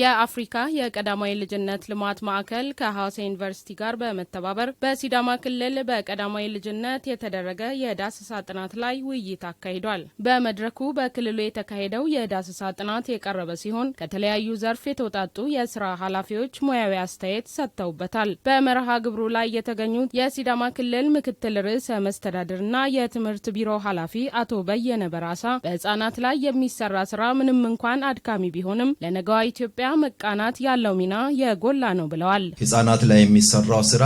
የአፍሪካ የቀዳማዊ ልጅነት ልማት ማዕከል ከሐዋሳ ዩኒቨርሲቲ ጋር በመተባበር በሲዳማ ክልል በቀዳማዊ ልጅነት የተደረገ የዳሰሳ ጥናት ላይ ውይይት አካሂዷል። በመድረኩ በክልሉ የተካሄደው የዳሰሳ ጥናት የቀረበ ሲሆን ከተለያዩ ዘርፍ የተውጣጡ የስራ ኃላፊዎች ሙያዊ አስተያየት ሰጥተውበታል። በመርሃ ግብሩ ላይ የተገኙት የሲዳማ ክልል ምክትል ርዕሰ መስተዳድርና የትምህርት ቢሮ ኃላፊ አቶ በየነ በራሳ በህጻናት ላይ የሚሰራ ስራ ምንም እንኳን አድካሚ ቢሆንም ለነገዋ ኢትዮጵያ ገበያ መቃናት ያለው ሚና የጎላ ነው ብለዋል። ህጻናት ላይ የሚሰራው ስራ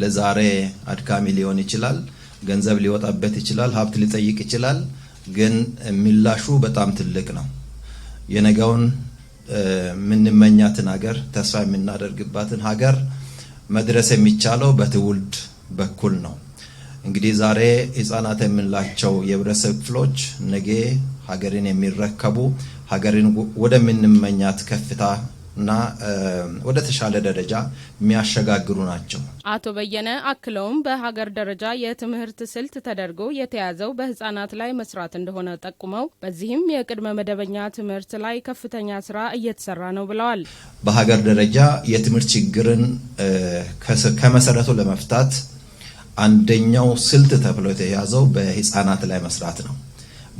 ለዛሬ አድካሚ ሊሆን ይችላል፣ ገንዘብ ሊወጣበት ይችላል፣ ሀብት ሊጠይቅ ይችላል። ግን ምላሹ በጣም ትልቅ ነው። የነገውን የምንመኛትን ሀገር ተስፋ የምናደርግባትን ሀገር መድረስ የሚቻለው በትውልድ በኩል ነው። እንግዲህ ዛሬ ህጻናት የምንላቸው የህብረተሰብ ክፍሎች ነገ ሀገርን የሚረከቡ ሀገርን ወደምንመኛት ከፍታ እና ወደ ተሻለ ደረጃ የሚያሸጋግሩ ናቸው። አቶ በየነ አክለውም በሀገር ደረጃ የትምህርት ስልት ተደርጎ የተያዘው በህጻናት ላይ መስራት እንደሆነ ጠቁመው በዚህም የቅድመ መደበኛ ትምህርት ላይ ከፍተኛ ስራ እየተሰራ ነው ብለዋል። በሀገር ደረጃ የትምህርት ችግርን ከመሰረቱ ለመፍታት አንደኛው ስልት ተብሎ የተያዘው በህጻናት ላይ መስራት ነው።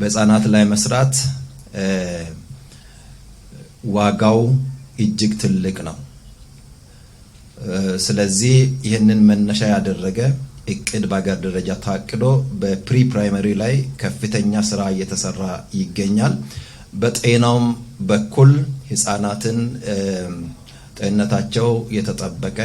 በህፃናት ላይ መስራት ዋጋው እጅግ ትልቅ ነው። ስለዚህ ይህንን መነሻ ያደረገ እቅድ በሀገር ደረጃ ታቅዶ በፕሪ ፕራይመሪ ላይ ከፍተኛ ስራ እየተሰራ ይገኛል። በጤናውም በኩል ህፃናትን ጤንነታቸው የተጠበቀ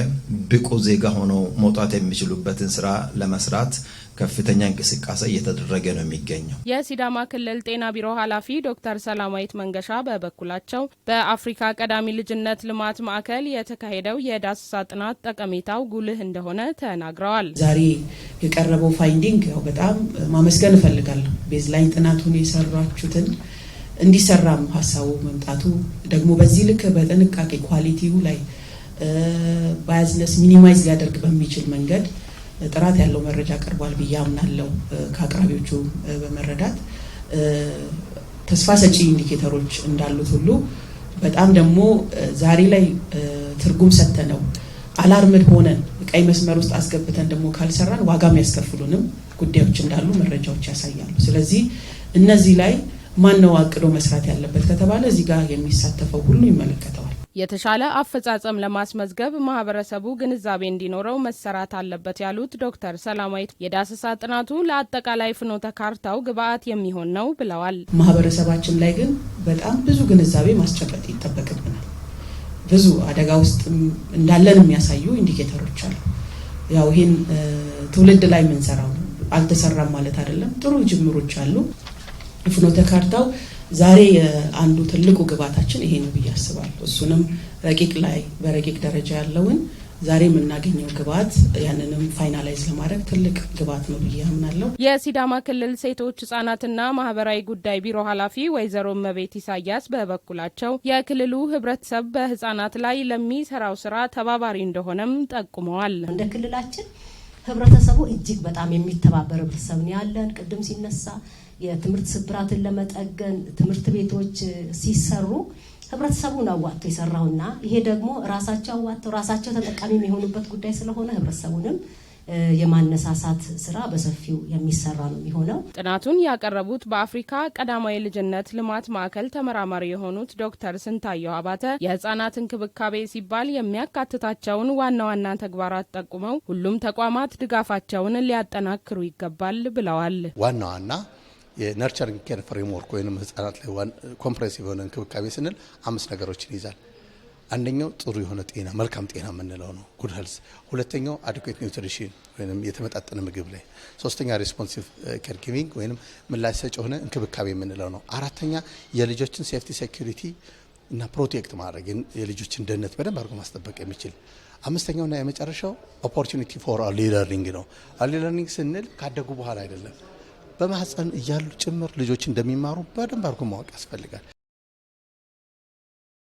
ብቁ ዜጋ ሆነው መውጣት የሚችሉበትን ስራ ለመስራት ከፍተኛ እንቅስቃሴ እየተደረገ ነው የሚገኘው። የሲዳማ ክልል ጤና ቢሮ ኃላፊ ዶክተር ሰላማዊት መንገሻ በበኩላቸው በአፍሪካ ቀዳሚ ልጅነት ልማት ማዕከል የተካሄደው የዳሰሳ ጥናት ጠቀሜታው ጉልህ እንደሆነ ተናግረዋል። ዛሬ የቀረበው ፋይንዲንግ ያው በጣም ማመስገን እፈልጋለሁ። ቤዝላይን ጥናቱን የሰራችሁትን እንዲሰራም ሀሳቡ መምጣቱ ደግሞ በዚህ ልክ በጥንቃቄ ኳሊቲው ላይ ባያዝነስ ሚኒማይዝ ሊያደርግ በሚችል መንገድ ጥራት ያለው መረጃ ቀርቧል ብዬ አምናለው ከአቅራቢዎቹ በመረዳት ተስፋ ሰጪ ኢንዲኬተሮች እንዳሉት ሁሉ በጣም ደግሞ ዛሬ ላይ ትርጉም ነው አላርምድ ሆነን ቀይ መስመር ውስጥ አስገብተን ደግሞ ካልሰራን ዋጋ የሚያስከፍሉንም ጉዳዮች እንዳሉ መረጃዎች ያሳያሉ። ስለዚህ እነዚህ ላይ ማን ነው አቅዶ መስራት ያለበት ከተባለ እዚህ ጋር የሚሳተፈው ሁሉ ይመለከተዋል። የተሻለ አፈጻጸም ለማስመዝገብ ማህበረሰቡ ግንዛቤ እንዲኖረው መሰራት አለበት ያሉት ዶክተር ሰላማዊት የዳሰሳ ጥናቱ ለአጠቃላይ ፍኖተ ካርታው ግብአት የሚሆን ነው ብለዋል። ማህበረሰባችን ላይ ግን በጣም ብዙ ግንዛቤ ማስጨበጥ ይጠበቅብናል። ብዙ አደጋ ውስጥ እንዳለን የሚያሳዩ ኢንዲኬተሮች አሉ። ያው ይህን ትውልድ ላይ የምንሰራው አልተሰራም ማለት አይደለም። ጥሩ ጅምሮች አሉ። ፍኖተ ካርታው ዛሬ አንዱ ትልቁ ግባታችን ይሄ ነው ብዬ አስባለሁ። እሱንም ረቂቅ ላይ በረቂቅ ደረጃ ያለውን ዛሬ የምናገኘው ግብዓት ያንንም ፋይናላይዝ ለማድረግ ትልቅ ግብዓት ነው ብዬ አምናለሁ። የሲዳማ ክልል ሴቶች ህጻናትና ማህበራዊ ጉዳይ ቢሮ ኃላፊ ወይዘሮ መቤት ኢሳያስ በበኩላቸው የክልሉ ህብረተሰብ በህጻናት ላይ ለሚሰራው ስራ ተባባሪ እንደሆነም ጠቁመዋል። እንደ ክልላችን ህብረተሰቡ እጅግ በጣም የሚተባበር ህብረተሰብ ነው ያለን። ቅድም ሲነሳ የትምህርት ስብራትን ለመጠገን ትምህርት ቤቶች ሲሰሩ ህብረተሰቡን አዋጥቶ የሰራውና ይሄ ደግሞ ራሳቸው አዋጥተው ራሳቸው ተጠቃሚ የሚሆኑበት ጉዳይ ስለሆነ ህብረተሰቡንም የማነሳሳት ስራ በሰፊው የሚሰራ ነው የሚሆነው። ጥናቱን ያቀረቡት በአፍሪካ ቀዳማዊ ልጅነት ልማት ማዕከል ተመራማሪ የሆኑት ዶክተር ስንታየሁ አባተ የህጻናት እንክብካቤ ሲባል የሚያካትታቸውን ዋና ዋና ተግባራት ጠቁመው ሁሉም ተቋማት ድጋፋቸውን ሊያጠናክሩ ይገባል ብለዋል። ዋና ዋና የነርቸሪንግ ኬር ፍሬምወርክ ወይም ህጻናት ላይ የሆነ እንክብካቤ ስንል አምስት ነገሮችን ይይዛል። አንደኛው ጥሩ የሆነ ጤና መልካም ጤና የምንለው ነው ጉድ ሄልስ። ሁለተኛው አድኩዌት ኒውትሪሽን ወይም የተመጣጠነ ምግብ ላይ፣ ሶስተኛ ሬስፖንሲቭ ኬር ጊቪንግ ወይም ምላሽ ሰጭ የሆነ እንክብካቤ የምንለው ነው። አራተኛ የልጆችን ሴፍቲ ሴኩሪቲ እና ፕሮቴክት ማድረግ የልጆችን ደህንነት በደንብ አድርጎ ማስጠበቅ የሚችል አምስተኛውና የመጨረሻው ኦፖርቹኒቲ ፎር አርሊ ለርኒንግ ነው። አርሊ ለርኒንግ ስንል ካደጉ በኋላ አይደለም፣ በማህፀን እያሉ ጭምር ልጆች እንደሚማሩ በደንብ አድርጎ ማወቅ ያስፈልጋል።